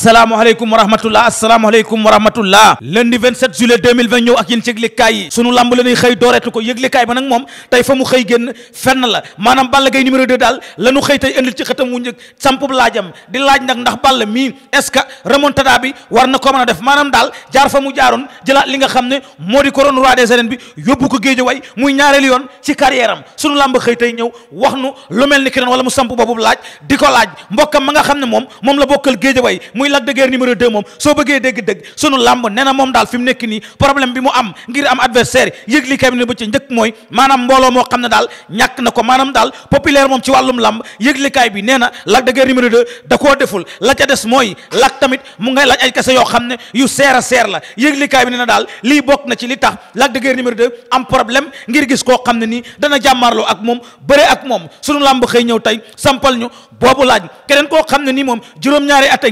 asalaamaaleykum wa rahmatullah asalaamaaleykum wa rahmatullah lundi 27 juillet 2020 ñëw ak yéen ci yëglekaay yi sunu lamb la ñuy xëy dooreetu ko yëglekaay ba nag moom tey fa mu xëy génn fenn la maanaam Balla Gaye numéro 2 daal lanu xëy tey indil ci xëtam wu njëkk sampub laajam di laaj nag ndax Balla mii est-ce que remontada bi war na ko mën a def maanaam daal jaar fa mu jaaroon jëlaat li nga xam ne moo di couronne roi des arènes bi yóbbu ko géejo way muy ñaareel yoon ci carrière am sunu lamb xëy tey ñëw wax nu lu mel ni ki wala mu samp boobu laaj di ko laaj mbokkam ma nga xam ne moom moom la bokkal géejo way muy Lac de Guiers numéro 2 moom soo bëggee dégg-dégg sunu làmb nee na moom daal fi mu nekk nii problème bi mu am ngir am adversaire yëg ne ba ca njëkk mooy maanaam mbooloo xam ne daal ñàkk na ko maanaam daal populaire moom ci wàllum làmb yëglikaay bi nee na Lac de Guiers numéro 2 da koo deful la ca des mooy Lac tamit mu ngay laaj ay kese yoo xam ne yu seer a seer la yëglikaay bi nee na daal lii bokk na ci li tax lag de Guiers numéro am problème ngir gis koo xam ne nii dana jàmmarloo ak moom bëre ak moom sunu làmb xëy ñëw tey sampal ñu boobu laaj keneen koo xa ne nii moom juróom-ñaari at a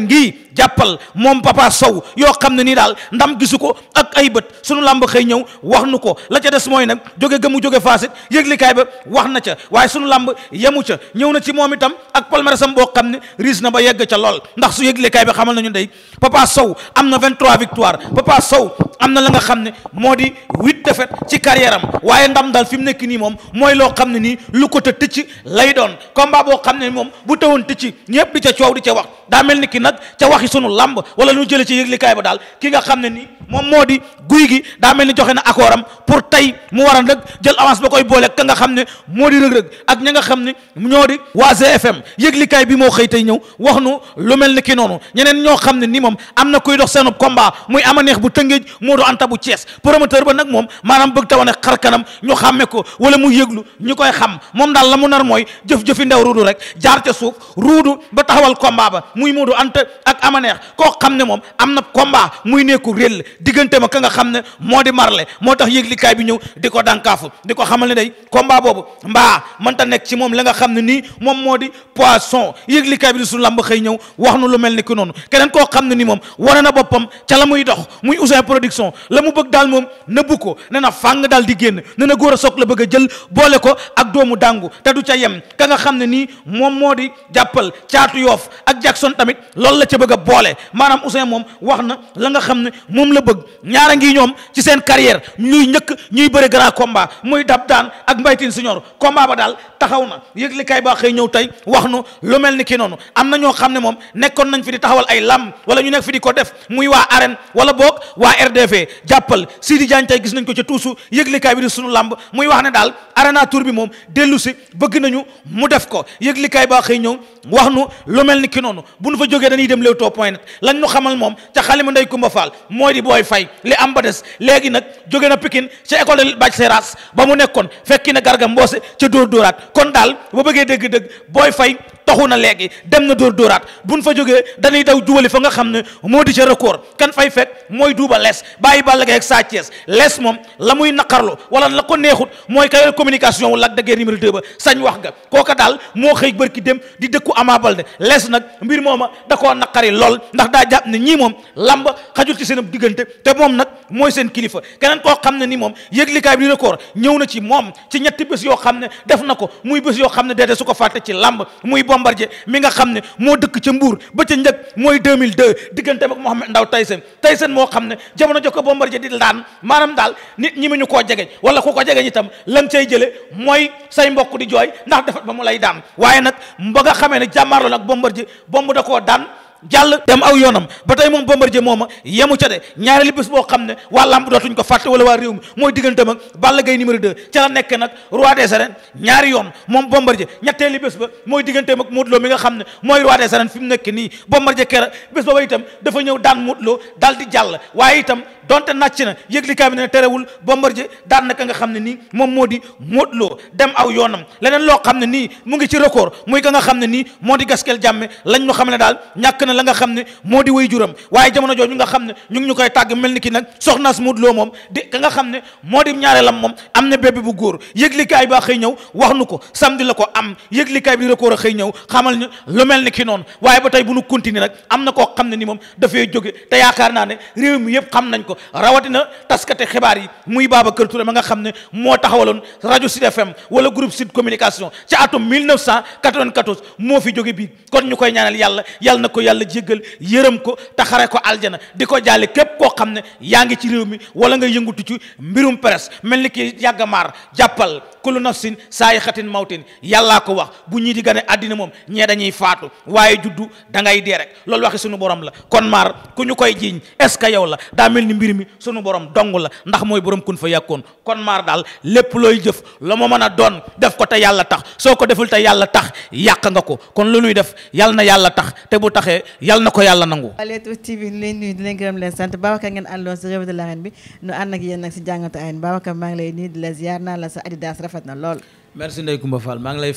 jàppal moom papa sow yoo xam ne nii daal ndam gisu ko ak ay bët sunu làmb xëy ñëw wax nu ko la ca des mooy nag jóge gëmu jóge faasit yëglikaay ba wax na ca waaye sunu làmb yemu ca ñëw na ci moom itam ak palmarèsam boo xam ne riis na ba yegg ca lool ndax su yëglikaay bi xamal nañu ndey papa sow am na 23 victoire papa sow am na la nga xam ne moo di huit défaites ci carrière waaye ndam daal fi mu nekk nii moom mooy loo xam ne nii lu ko te tëcc lay doon combat boo xam ne moom bu tëwoon tëcc ñëpp ca coow di ca wax waxi sunu làmb wala lu jële ci yëglikaay ba daal ki nga xam ne ni moom moo di guy gi daa mel ni joxe na accord pour tey mu war a nag jël avance ba koy boole ka nga xam ne moo di rëg-rëg ak ña nga xam ne ñoo di waa GFM yëglikaay bi moo xëy tey ñëw wax nu lu mel ni ki ñeneen ñoo xam ne ni moom am na kuy dox seenub combat muy ama neex bu tëngéej moo du anta bu Thiès promoteur ba nag moom maanaam bëgg tawane xar kanam ñu xàmme ko wala mu yëglu ñu koy xam moom daal la mu nar mooy jëf-jëfi ndew ruudu rek jaar ca suuf ba taxawal combat ba muy moo du ak ama koo xam ne moom am na combat muy nekku réel diggante ma ka nga xam ne moo di marle moo tax yëglikaay bi ñëw di ko dànkaafu di ko xamal ne day combat boobu mbaa mënta nekk ci moom la nga xam ne nii moom moo di poisson yëglikaay bi di suñu làmb xëy ñëw wax nu lu mel ni ki noonu keneen koo xam ne ni moom wane na boppam ca la muy dox muy Ouzin production la mu bëgg daal moom nëbbu ko ne na fàng daal di génn ne na góor a soog la bëgg a boole ko ak doomu dàngu te du ca yem ka nga xam ne nii moom moo di jàppal caatu yoof ak Jackson tamit loolu la ca bëgg a boole maanaam Ouzin moom wax na la nga xam ne moom la bëgg ñaara ngi ñoom ci seen carrière ñuy njëkk ñuy bëri grand combat muy dab daan ak mbaytin senior komba ba daal taxaw na yëgle kay ba xëy ñëw tey wax nu lu mel ni ki noonu am na ñoo xam ne moom nekkoon nañ fi di taxawal ay lam wala ñu nekk fi di ko def muy waa arène wala boog waa RDV jàppal Sidi Diagne tey gis nañ ko ca tuusu yëgle bi di suñu lamb muy wax ne daal arena tour bi moom dellu si bëgg nañu mu def ko yëgle kay ba xëy ñëw wax nu lu mel ni ki noonu bu nu fa jógee dañuy dem Leewtoo point net lañ nu moom ca xalima ndey koy fay li am ba des léegi nag jóge na pikin ci école Bac Seras ba mu nekkoon fekki na Garga Mbossé ca dóor dóoraat kon daal ba bëggee dégg dëgg booy fay taxu na léegi dem na dóor dóoraat buñ fa jógee dañuy daw jubali fa nga xam ne moo di ca record kan fay fekk mooy duuba lees bàyyi Balla Gaye ak Sa Thiès lees moom la muy naqarlu wala la ko neexut mooy kay communication wu Lac de ba sañ wax nga kooka daal moo xëy bërki dem di dëkku Ama Baldé lees nag mbir mooma da koo naqari lool ndax daa jàpp ne ñii moom lamba xajul ci seen diggante te moom nag mooy seen kilifa keneen koo xam ne ni moom yëglikaay bi di record ñëw na ci moom ci ñetti bés yoo xam ne def na ko muy bés yoo xam ne déedéet su ko fàtte ci lamb Bombardier mi nga xam ne moo dëkk ca Mbour ba ca njëkk mooy 2002 diggante ak Mohamed Ndaw Tyson Tyson moo xam ne jamono jokko Bombardier di daan maanaam daal nit ñi mu ñu koo jege wala ku ko jege itam lan cay jële mooy say mbokk di jooy ndax defat ba mu lay daan waaye nag ba xamee ne jàmmaarloo nag Bombardier bomb da koo daan jàll dem aw yoonam ba tey moom Bombardier mooma yemu ca de ñaareelu bés boo xam ne waa làmb dootuñ ko fàtte wala waa réew mi mooy digganteem ak Balla Gaye numéro 2 ca la nekk nag roi des ñaari yoon moom Bombardier ñetteelu bés ba mooy digganteem ak Modou mi nga xam ne mooy roi des arènes fi mu nekk nii Bombardier kera bés booba itam dafa ñëw daan Modou loo daal di jàll waaye itam donte nàcc na yëglikaay bi ne terewul Bombardier daan na ka nga xam ne nii moom moo di Modou Lo dem aw yoonam leneen loo xam ne nii mu ngi ci record muy ka nga xam ne nii moo di Gaskel Jàmme lañ ñu xam ne daal ñàkk na la nga xam ne moo di way juram waaye jamono jooju nga xam ne ñu ngi ñu koy tàgg mel ni ki nag soxnaas Modou Lo moom nga xam ne moo di ñaareelam moom am na bébé bu góor yëglikaay ba xëy ñëw wax nu ko samedi la ko am yëglikaay bi di xëy ñëw xamal ñu lu mel ni ki noonu waaye ba tey bu nu continuer nag am na koo xam ne ni moom dafay jóge te yaakaar naa ne réew mi yëpp xam nañ ko rawatina taskate xibaar yi muy Babacar Touré ma nga xam ne moo taxawaloon rajo Sud FM wala groupe Sud Communication ci atum 1994 moo fi jóge bii kon ñu koy ñaanal yàlla yàlla na ko yàlla jéggal yërëm ko taxare ko aljana di ko jaale képp koo xam ne yaa ngi ci réew mi wala ngay yëngutu ci mbirum presse mel ni ki yàgg maar jàppal kullu nafsin saa yi xatin mawtin yàllaa ko wax bu ñii di gane àddina moom ñee dañuy faatu waaye juddu da ngay dee loolu waxi suñu borom la kon mbir mi sunu borom dong la ndax mooy borom kun fa yàkkoon kon maar daal lépp looy jëf la ma mën a doon def ko te yàlla tax soo ko deful te yàlla tax yàq nga ko kon lu nuy def yàlla na yàlla tax te bu taxee yàlla na ko yàlla nangu. Leewtoo TV ñu leen nuyu di leen gërëm leen sant Babacar ngeen àndoon si revue de bi nu ànd ak yéen nag si jàngatu ayen Babacar maa ngi lay la ziar naa la sa Adidas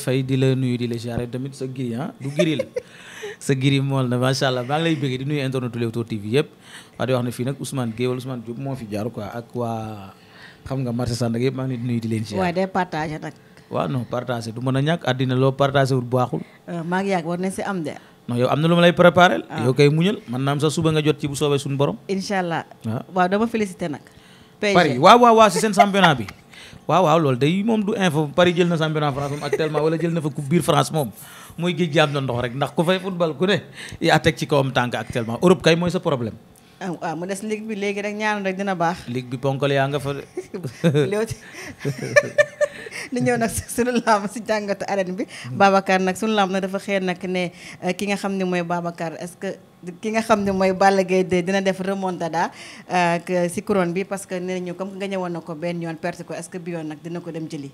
fay di la nuyu di la ziar tamit sa giri ah du giri la sa giri mool na macha allah maa ngi lay bëggee di nuyu internet Leewtoo TV yëpp waa di wax ne fii nag Ousmane Gueye wala Ousmane Diop moo fi jaar quoi ak waa xam du mën a ñàkk àddina loo partagé wul baaxul euh, maa ngi war nañ si am de non yow am na lu ma lay préparé ah. yow kay muñal man naam sax suba nga jot ci bu soobee suñu borom incha allah ah. waaw dama félicité nag Paris waaw waaw waaw si seen championnat bi waaw waaw loolu day moom du info Paris jël na championnat France moom actuellement wala jël na fa coupe biir France moom mooy géej gi na ndox rek ndax ku fay football ku ne yaa teg ci kawam tànk actuellement Europe kay mooy sa problème. ah mu des ligue bi léegi rek ñaan rek dina baax. ligue bi ponkal yaa nga fa. di ñëw nag suñu lamb si jàngatu arène bi mm-hmm. Babacar nag suñu lamb nag dafa xëy nag ne eh, ki nga xam ne mooy Babacar est-ce que ki nga xam ne mooy Balla Gaye 2 dina def remontada eh, si couronne bi parce que nee nañu comme nga ñëwoon na ko benn yoon perte ko est-ce bi yoon nag dina ko dem jëli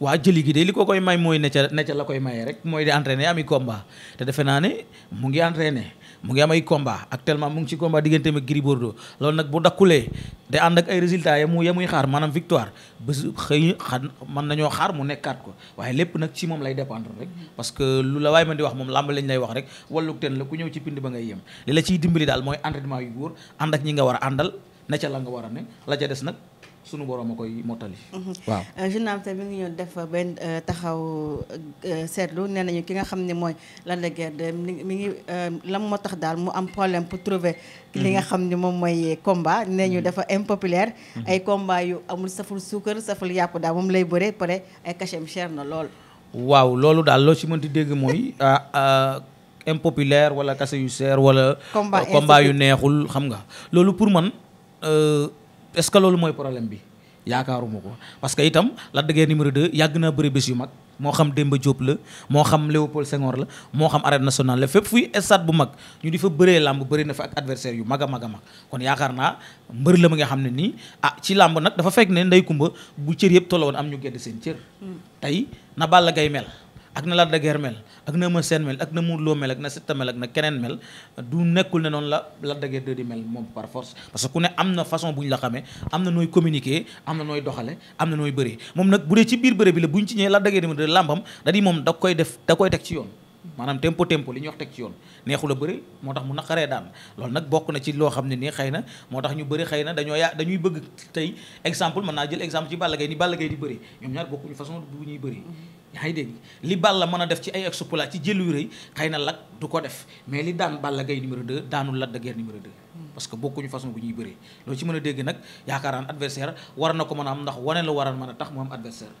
waaw jëli gi de li ko koy may mooy ne ca la koy maye rek mooy di entraîner ami combat te defe naa ne mu ngi entraîner mu ngi am ay combat actuellement mu ngi ci combat digganteem ak Gris Bordeaux loolu nag bu dakkulee day ànd ak ay résultats ya mu ya muy xaar maanaam victoire bés xëy xan mën nañoo xaar mu nekkaat ko waaye lépp nag ci moom lay dépendre rek parce que lu la waay mën di wax moom làmb lañ lay wax rek walluk teen la ku ñëw ci pind ba ngay yem li la ciy dimbali daal mooy entraînement yu wóor ànd ak ñi nga war a àndal na ca la nga war a ne la ca des nag sunu borom a koy mottali. Mhm. waaw euh, journal bi mi ngi ñëw def benn euh, taxaw euh, seetlu nee ñu ki nga xam ne mooy Lac de Guiers mi ngi lan moo tax daal mu am problème pour trouver. Mhm. li nga xam ne moom mooy combat nee ñu mhm. dafa impopulaire. ay combat yu amul saful suukar saful yàpp daal moom lay bëree pare ay cachet cher na lool. waaw loolu daal loo ci mënti dégg mooy. Ah, ah, impopulaire wala kase yu seer wala. combat yu neexul xam nga loolu pour man. est-ce que loolu mooy problème bi yaakaaruma ko parce que itam la de Guiers numéro yàgg naa bëri bés yu mag moo xam Demba Diop la moo xam Léopold Senghor la moo xam arène nationale la fépp fuy stade bu mag ñu di fa bëree làmb bëri na fa ak adversaire yu mag a mag a mag kon yaakaar naa mbër la ma nga xam ne nii ah ci làmb nag dafa fekk ne ndey kumba bu cër yëpp tolloon am ñu gedd seen cër mm. tey na Balla Gaye mel ak na Lac de Guiers mel ak na Eumeu Sène mel ak na Modou Lo mel ak na Siteu mel ak na keneen mel du nekkul ne noonu la Lac de Guiers 2 di mel moom par force parce que ku ne am na façon bu ñu la xamee am na nooy communiquer am na nooy doxale am na nooy bëree moom nag bu dee ci biir bëre bi la bu ñu ci ñëwee Lac de Guiers 2 làmbam da di moom da koy def da koy teg ci yoon maanaam tempo tempo li ñuy wax teg ci yoon neexul a bëri moo tax mu naqaree daan lool nag bokk na ci loo xam ne nii xëy na moo tax ñu bëri xëy na dañoo yaa dañuy bëgg tey exemple mën naa jël exemple ci Balla Gaye ni Balla Gaye di bëri ñoom ñaar bokkuñu façon bu ñuy bëri yaa dégg li Balla mën a def ci ay exploit ci jël rëy xëy na Lac du ko def mais li daan Balla Gaye numéro 2 daanul Lac de Guiers numéro 2 parce que bokkuñu façon bu ñuy bëree loolu ci mën a dégg nag yaakaaraan war na ko mën a am ndax wane la waral mën a tax mu am adversaire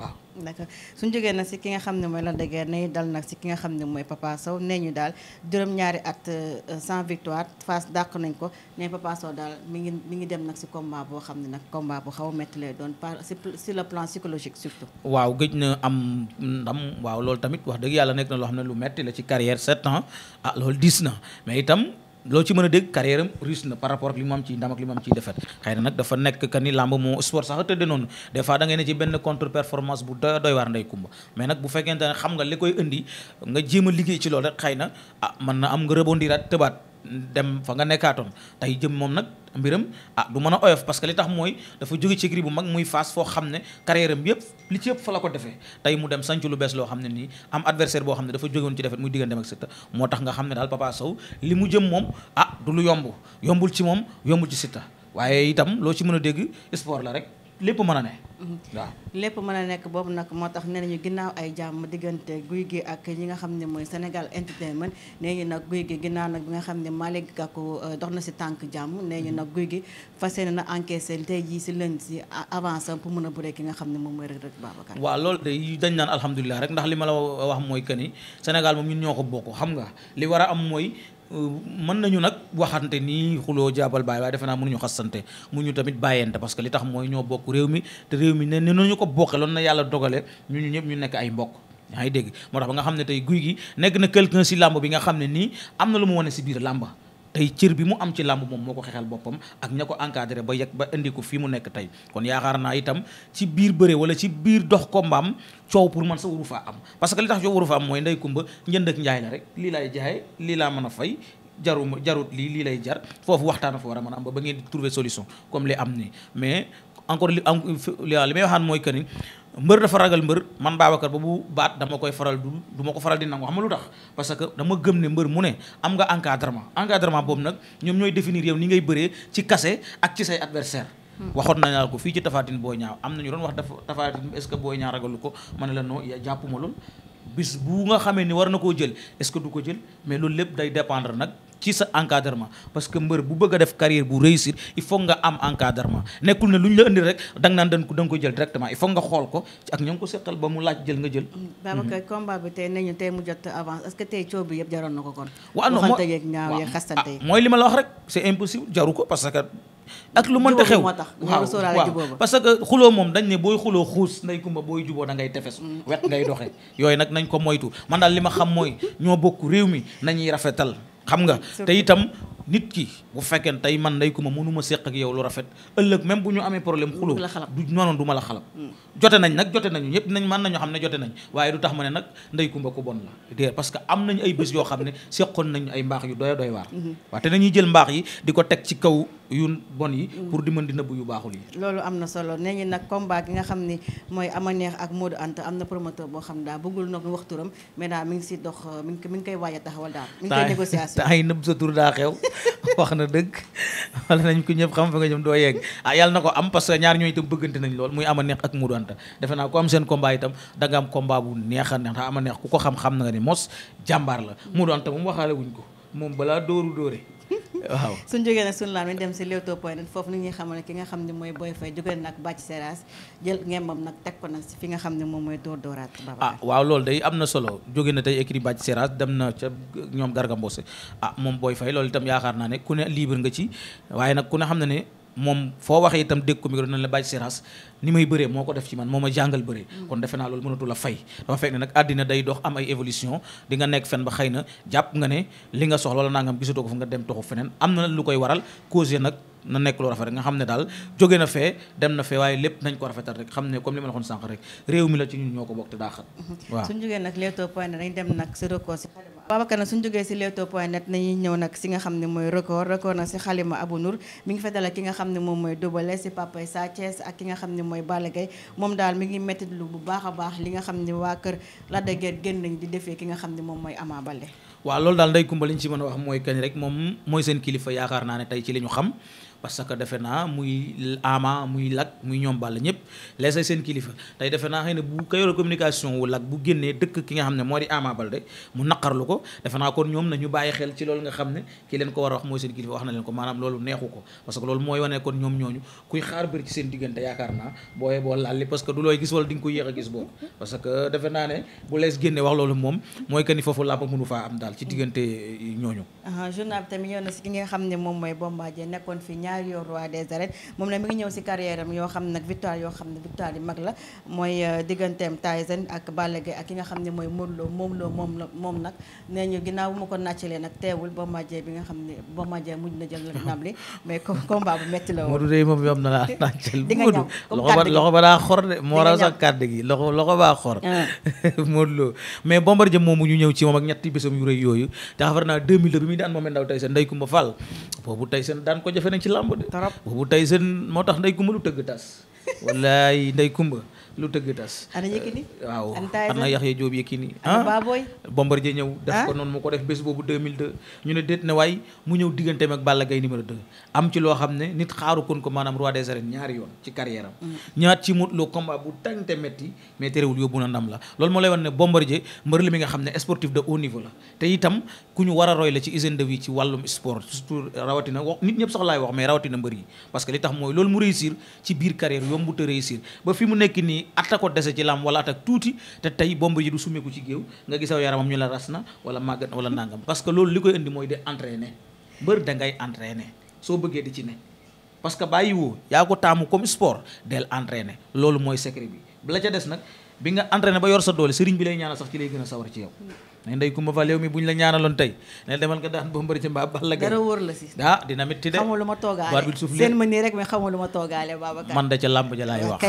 waaw. d'accord su jógee nag si ki nga xam ne mooy Lac de Guiers nañu dal nag si ki nga xam ne mooy Papa Sow nee ñu daal juróom-ñaari at euh, sans victoire face dàq nañ ko nee Papa Sow daal mi ngi mi ngi dem nag si combat boo xam ne nag combat bu xaw a métti lay doon par si le plan psychologique surtout. waaw gëj na am ndam waaw loolu tamit wax dëgg yàlla nekk na loo xam ne lu metti la ci carrière sept ans ah loolu diis na mais itam. loo ci mën a dégg carrière am riche na par rapport ak li mu am ci ndam ak li defet xëy na nag dafa nekk que ni làmb moo sport sax a tëdde noonu des fois ne ci benn contre performance bu doy doy waar ndey kumba mais nag bu fekkente ne xam nga li koy indi nga jéem a liggéey ci loolu rek xëy na ah man na am nga rebondiraat tëbaat dem fa nga nekkaatoon tey jëm moom nag mbiram ah du man a oyof parce que li tax mooy dafa jóge ci gri bu mag muy Fass foo xam ne carrière am yëpp li ci yëpp fa la ko defee tey mu dem sanc lu bees loo xam ne nii am adversaire boo xam ne dafa jógewoon ci defet muy diggante ak Siteu moo tax nga xam ne daal Papa Sow li mu jëm moom ah du lu yomb yombul ci moom yombul ci Siteu waaye itam loo ci mën a dégg sport la rek lépp mën a ne. Mhm. waaw lépp mën a nekk boobu nag moo tax nee nañu ginnaaw ay jàmm diggante guy gi ak ñi nga xam ne mooy Sénégal entertainment nee ñu nag guy gi ginnaaw nag bi nga xam ne Malick kak euh, dox na si tànk jàmm nee ñu mhm. nag guy gi fas yéene na encaissé tey jii si lënd si avancé pour mën a bëree ki nga xam ne moom mooy Reug Reug Babacar. waaw loolu de dañ naan alhamdulilah rek ndax li ma la wax mooy que ni Sénégal moom ñun ñoo ko bokk xam nga li war a am mooy Euh, mën nañu nag waxante nii xuloo jaabal baay waaye defe naa mënuñu xasante ñu tamit bàyyante parce que li tax mooy ñoo bokk réew mi te réew mi ne nañu ko bokke loolu na yàlla dogale ñu ñu ñëpp ñu nekk ay mbokk yaa ngi dégg moo tax ba nga xam ne tey guy gi nekk na quelqu'un si làmb bi nga xam ne nii am na lu mu wane si biir làmb tey cir bi mu am ci làmb moom moo ko xeexal boppam ak ña ko encadré ba yegg ba indi ko fii mu nekk tey kon yaakaar naa itam ci biir bëre wala ci biir dox ko mbaam coow pour man sa waru fa am parce que li tax coow waru fa am mooy ndey kumba njënd ak njaay la rek lii lay jaay lii laa mën a fay jaruma jarut lii lii lay jar foofu waxtaan fa war a mën a am ba ba ngeen di trouver solution comme li am nii mais encore li am li may waxaan mooy que mbër dafa ragal mbër man Babacar ba bu baat dama koy faral du du ma ko faral di nangu xam nga lu tax parce que dama gëm ne mbër mu ne am nga encadrement encadrement boobu nag ñoom ñooy définir yow ni ngay bëree ci kase ak ci say adversaire hmm. waxoon na la ko fii ci Tapha booy Boy am na ñu doon wax dafa Tapha Tine est-ce que Boy Niang ragalu ko ma ne la non jàppuma loolu bis bu nga xamee ni war na koo jël est-ce que du ko jël mais loolu lépp day dépendre nag ci sa encadrement parce que mbër bu bëgg a def carrière bu réussir il faut nga am encadrement nekkul ne lu ñu la indi rek danga naan dañ ko da nga jël directement il faut nga xool ko ak ñoo ngi ko seqal mu laaj jël nga jël mm, Babacar combat bi tey nañu tey mu jot avance est-ce que tey coow na ko kon waaw non waxante ah, yeeg mooy li ma la wax rek c'est impossible jaru ko parce que ak lu mënta xew waaw waaw parce que xuloo moom dañ ne booy xuloo xuus nday kumba booy juboo da ngay tefes mm. wet ngay doxe yooyu nag nañ ko moytu man daal li ma xam mooy ñoo bokk réew mi nañuy rafetal xam nga te itam nit ki bu fekkee tey man ndey ku mënuma séq ak yow lu rafet ëllëg même bu ñu amee problème xuloo du noonu du la xalab mm. jote nañ nag jote nañu ñëpp nañ mën nañu xam tax ma yoo xam ne séqoon nañu mm-hmm. di mm. di mën yi loolu am na solo nee ñi nag na promoteur boo xam daa bëggul nag daal mi ngi si dox mi a ay nëbb sa tur daa xew wax na dëgg wala nañ ko ñëpp xam fa nga jëm doo yegg ah yàlla na ko am parce que ñaar ñooy itam bëggante nañ lool muy ama neex ak Modou Anta defe naa ko am seen combat itam da nga am combat bu neex a neex ama neex ku ko xam-xam na nga ni mos jàmbaar la Modou Anta moom waxaale wuñ ko moom balaa dóoru dóore waaw suñ jógee na suñu laan mi dem si Leewtoo point net foofu ni ñuy xamal ne ki nga xam ne mooy Boy Faye jógee nag bàcc Seras jël ngembam nag teg ko nag fi nga xam ne moom mooy dóor dóoraat Babacar ah waaw loolu am na solo jóge na tey écrit bàcc Seras dem na ca ñoom Garga Mbossé ah moom Boy fay loolu itam yaakaar naa ne ku ne libre nga ci waaye nag ku ne xam na ne moom foo waxee itam dégg ko micro nañ la bàcc Seras ni may bëree moo ko def ci man moo ma jàngal bëree kon defe naa loolu mënatu a fay dama fekk ne nag àddina day dox am ay évolution di nga nekk fen la waxoon sànq rek réew mi la ci ñun ñoo ko bokk te daaxat mhm. waaw suñ jógee nag Leewtoo point net dañ dem nag si record si xalima mooy record record nag si xalima Abou Nour mi ngi fa ki nga xam ne moom mooy Double si Papa Sa Thiès ak ki nga xam ne mooy Balla Gaye moom daal mi ngi métti bu baax a baax li nga xam ne waa kër Lac de Guiers génn nañ di defee ki nga xam ne moom mooy Ama Baldé waa lool daal day kumba li ñu si mën a wax mooy kañ rek moom mooy seen kilifa yaakaar naa ne tey ci li ñu xam parce que defe naa muy ama muy lag muy ñoom bàll ñëpp les ay seen kilifa tey defe naa xëy na bu kayora communication wu lag bu génnee dëkk ki nga xam ne moo di Ama ko defe naa kon ñoom nañu bàyyi xel ci ne ki leen ko a wax loolu neexu mooy wane kon ñoom ñooñu kuy xaar bëri ci diggante yaakaar naa booyee boo lalli parce que nga ko ne moom mooy que ni foofu làmb ñaari yoon roi des arènes moom nag mi ngi ñëw si carrière yoo xam ne victoire yoo xam ne victoire yi mag la mooy euh, digganteem Tyson ak Balla Gaye ak ki nga xam ne mooy Modou Lo moom loo moom la moom nag nee ñu ginnaaw ma ko nàccalee nag teewul ba majee bi nga xam ne ba majee mujj na jël ndam li mais combat bu metti la woon Modou de moom yom na la nàccal di nga loxo ba daa xor de moo raw sax kàddu gi loxo loxo baa xor ah. Modou Lo mais Bombardier moomu ñu ñëw ci moom ak ñetti bésam yu rëy yooyu te xafar naa 2002 bi muy daan moom ndaw Tyson ndey Kumba Fall boobu Tyson daan ko jafe na ci la làmb de. tarap boobu Tyson moo tax nday kumba lu tëgg tas. wallaay nday kumba lu tëgg tas. ana Yékini eh, waaw ana Yaxya Jóob Yékini ah Baboy ñëw def ah? ko noonu mu ko def bés boobu 2002 ñu ne déet ne waay mu ñëw digganteem ak Balla Gaye numéro 2 am ci loo xam ne nit xaaru kon ko maanaam roi des arènes ñaari yoon ci carrière am mm. ñaat ci Modou Lo combat bu tàngte metti mais terewul yóbbu na ndam la loolu moo lay wan ne Bombardier mbër la mi nga xam ne sportif de haut niveau la te itam ku ñu war roy la ci hygiène de ci wàllum wax nit ñëpp soxlaay wax mais rawatina mbër yi parce que li tax mooy atta ko dese ci lam wala attaque tuuti te tey bomb Bombardier du sumeeku ci géew nga gisaw yaramam ñu la ras na wala màggat wala nangam parce que loolu li koy indi mooy de entraîner mbër da ngay entraîner soo bëggee di ci ne parce que bàyyi woo yaa ko taamu comme sport del entraîner loolu mooy secret bi. la ca des nag bi nga entraîner ba yor sa doole sëriñ bi lay ñaanal sax ci lay gën a sawar ci yow. ne ndey kumba fa léew mi bu ñu la ñaanaloon tey ne demal nga daan Bombardier ci mbaa Balla Gaye dara wóor la si ah dina métti de xamoo lu ma toogaale seen ma nii rek mais xamoo lu ma toogaale Babacar man da ca làmb ja laay wax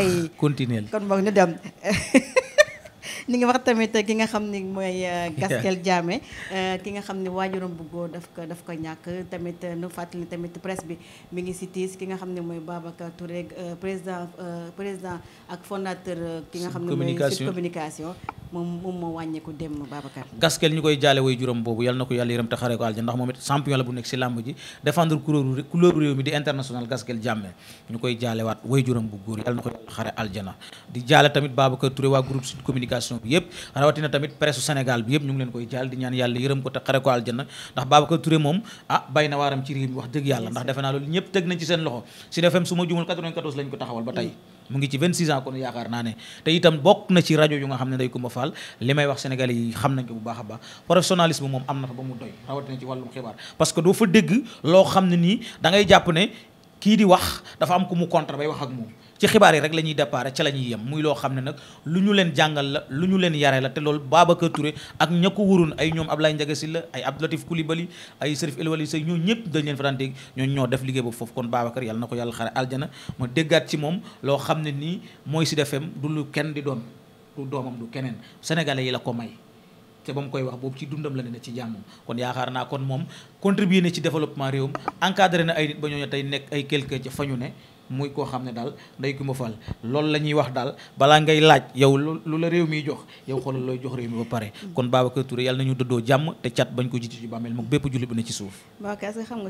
continuer ni nga wax tamit ki nga xam ne mooy euh, Gaskel Diamé euh, ki nga xam ni waajuram bu góor daf ko daf ko ñàkk tamit euh, nu fàttali tamit presse bi mi ngi si tiis ki nga xam ne mooy Babacar Touré président président ak fondateur ki nga xam ne mooy Sud Communication moom moom moo wàññeeku dem Babacar Gaskel ñu koy jaale way juróom boobu yàlla na ko yàlla yërëm te xare ko àljana ndax moom it champion la bu nekk si làmb ji défendre couleur réew mi di international Gaskel Diamé ñu koy jaalewaat way juróom bu góor na ko yàlla génération bi yëpp rawatina tamit presse Sénégal bi yëpp ñu ngi leen koy jaal di ñaan yàlla yërëm ko te xare ko aljana ndax Babacar Touré moom ah bay na waaram ci réew mi wax dëgg yàlla ndax defe naa loolu ñëpp teg nañ ci seen loxo Sud FM su ma jumul 94 lañ ko taxawal ba tey mu ngi ci 26 ans kon yaakaar naa ne te itam bokk na ci rajo yu nga xam ne day ko ma li may wax sénégalais yi xam nañ ko bu baax a am na fa moom ci xibaar yi rek la ñuy départ ca la ñuy yem muy loo xam ne nag lu ñu leen jàngal la lu ñu leen yare la te loolu Babacar Touré ak ña ko wurun ay ñoom Ablaye Ndiaga Sylla ay Abdoulatif Coulibaly ay Serif El Wali Sey ñoo ñëpp dañ leen fa daan dégg ñoo ñoo def liggéey boobu foofu kon Babacar yàlla na ko yàlla xare aljana ma déggaat ci moom loo xam ne nii mooy si FM du lu kenn di doon du doomam du keneen sénégalais yi la ko may te ba mu koy wax boobu ci dundam la ne ci jàmmam kon yaakaar naa kon moom contribuer na ci développement réewam encadré na ay nit ba tey nekk ay quelque ca fa ñu ne muy koo xam ne daal nday ku ma fal loolu la ñuy wax daal balaa ngay laaj yow lu la réew miy jox yow xoolal looy jox réew mi ba pare kon Babacar Touré na ñu dëddoo jàmm te cat bañ ko jiitu ci bàmmeel moom bépp jullit bi ne ci suuf est-ce que xam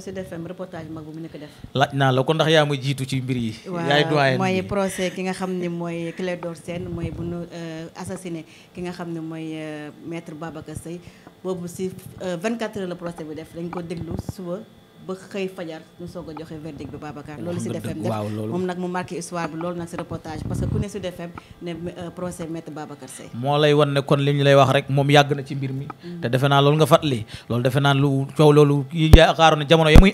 nga ko ndax yaa ma jiitu ci mbir yi yaay doyen mooy procès ki nga xam ne mooy Clédor Sène mooy bu nu euh, assassiné ki nga xam ne mooy euh, maître Babacar Seye boobu si 24 euh, heures le procès bi def dañ ko déglu suba ba xëy fajar ñu soog a joxe verdict bi Babacar loolu Sud FM moom nag mu marqué histoire bi loolu nag si reportage parce que ku ne Sud FM ne euh, procès maître Babacar Seye moo lay wan ne kon li ñu lay wax rek moom yàgg na ci mbir mi mm-hmm. te defe naa loolu nga fàttali loolu defe naa lu coow loolu yaakaaroon ne jamono ya muy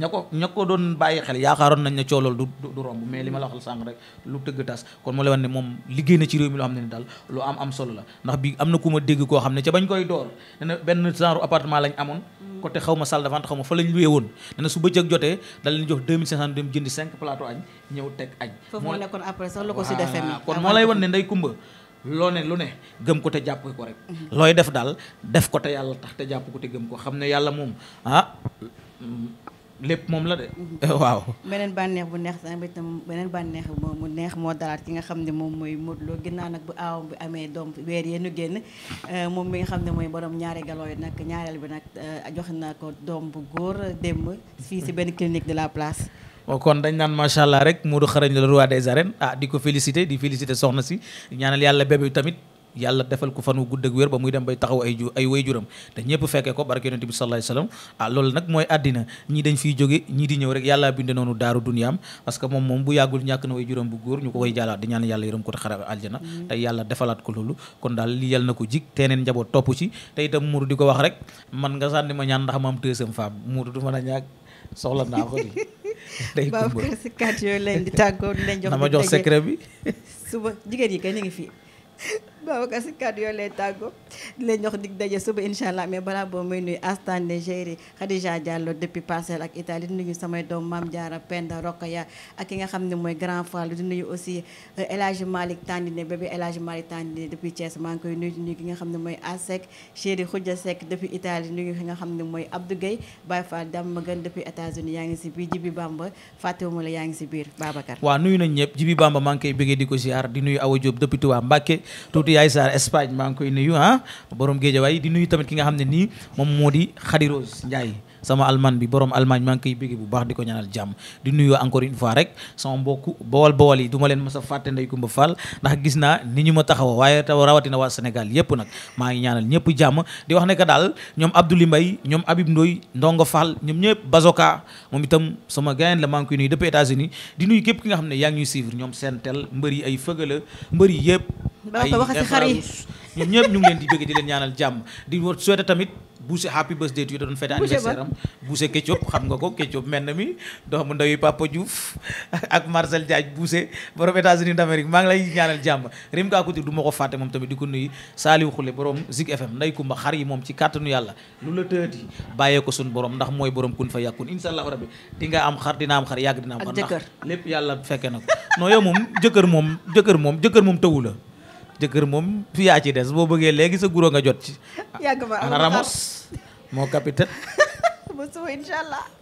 ko ña ko doon bàyyi yaakaaroon nañ ne coow loolu du romb mais li ma la waxal sànq rek lu tëgg tas kon moo lay wan ne moom liggéey na ci réew mi loo xam ne daal lu am am solo la bi am na ku ma dégg koo xam ne ca bañ koy door ne benn genre appartement lañ amoon mm-hmm. côté xaw ma salle de vente xaw ma fa lañ luwee woon nee na su bëccëg jotee da jox 2500 dem jëndi 5 añ ñëw teg añ. la ko si defee kon moo lay wan ne ndey kumba loo ne lu ne gëm ko te jàpp ko rek. Mhm. looy def daal def ko te yàlla tax te jàpp ko te gëm ko xam ne yàlla moom ah. lépp moom la de waaw beneen bànneex bu neex tamit tam beneen bànneex mu neex moo dalaat ki nga xam ne moom mooy Modou Lo ginnaaw nag bu aawam bi amee doom weer yee nu génn euh, moom bi nga xam ne mooy borom ñaari galoo yi nag ñaareel bi nag euh, joxe naa ko doom bu góor démb fii si benn clinique de la place kon dañ naan macha allah rek Modou xarañ la roi des arènes ah di ko féliciter di féliciter soxna si ñaanal yàlla bébé tamit yàlla defal ko fan wu gudd ak wér ba muy dem bay taxaw ay ju ay wayjuram te ñëpp fekkee ko barke yonent bi sallallahu alayhi ah, nag mooy àddina ñii dañ fiy jóge ñii di ñëw rek yàlla bind noonu daaru duniyaam parce moom moom bu yàggul ñàkk na wayjuram bu góor ñu ko koy jaalaat di ñaan yàlla yërëm ko te xarab aljana mm-hmm. te yàlla defalaat ko loolu kon daal li yal na ko jig teeneen njaboot topp ci te itam muru di ko wax rek man nga sànni ma ñaan ndax ma am deuxième a Babacar si kàddu yoo lay tàggoo di leen jox daje suba incha allah mais balaa boo muy nuyu Astane Géry Khadija Diallo depuis Parcelles ak Italie di nuyu samay doom Maam Diarra Penda Rokhaya ak ki nga xam ne mooy Grand Fall di nuyu aussi euh, El Hadj Malick Tandine bébé El Hadj Malick Tandine depuis Thiès maa ngi koy nuyu ki nga xam ne mooy Asek Chéri Khoudia Seck depuis Italie nuyu ki nga xam ne mooy Abdou Gueye Baye Fall Damagan depuis États-Unis yaa ngi si biir Jibi Bamba fàttewuma yaa ngi si biir Babacar. waaw nuyu nañ ñëpp Jibi Abdou Yaye Sarr Espagne maa ngi koy nuyu ah borom Géejawaay di nuyu tamit ki nga xam ne nii moom moo di Khady Rose Ndiaye sama alman bi borom Allemagne maa ngi koy bégge bu baax di ko ñaanal jàmm di nuyoo encore une fois rek sama mbokku bowal bowal yi du ma leen mës a fàtte Ndeye kumba Fall ndax gis naa ni ñu ma taxawa waaye taw rawatina waa Sénégal yépp nag maa ngi ñaanal ñëpp jàmm di wax ne que daal ñoom Abdoulaye mbay ñoom Habib Ndoye Ndongo Fall ñoom ñëpp Bazoka moom itam sama gayan la maa ngi koy nuyu depuis États-Unis di nuyu képp ki nga xam ne yaa ngi ñuy suivre ñoom seen tel mbër yi ay fëgala mbër yi yëpp ay infrarouge ñun ñëpp ñu ngi leen di bëgg di leen ñaanal jàmm di war souhaiter tamit Boucher happy birthday to doon fête anniversaire am Boucher xam nga ko Ketchup mel na mi doomu ndawi Papa Diouf ak Marcel Diagne Boucher borom États-Unis d'Amérique maa ngi lay ñaanal jàmm rim kaa kuti du ma ko fàtte moom tamit di ko nuyu Saliou Khoule borom Zik FM nday kumba xar yi moom ci kàttanu yàlla lu la tëëti bàyyee ko sun borom ndax mooy borom kun fa yàkkun insha allahu rabbi di nga am xar dina am xar yàgg dina am lépp yàlla fekkee na ko non yow moom jëkkër moom jëkkër moom jëkkër moom tëwu la jëkkër moom fi yaa ci des boo bëggee léegi sa guro nga jot ci. yàgg ma Ramos moo capitaine. ba suba allah.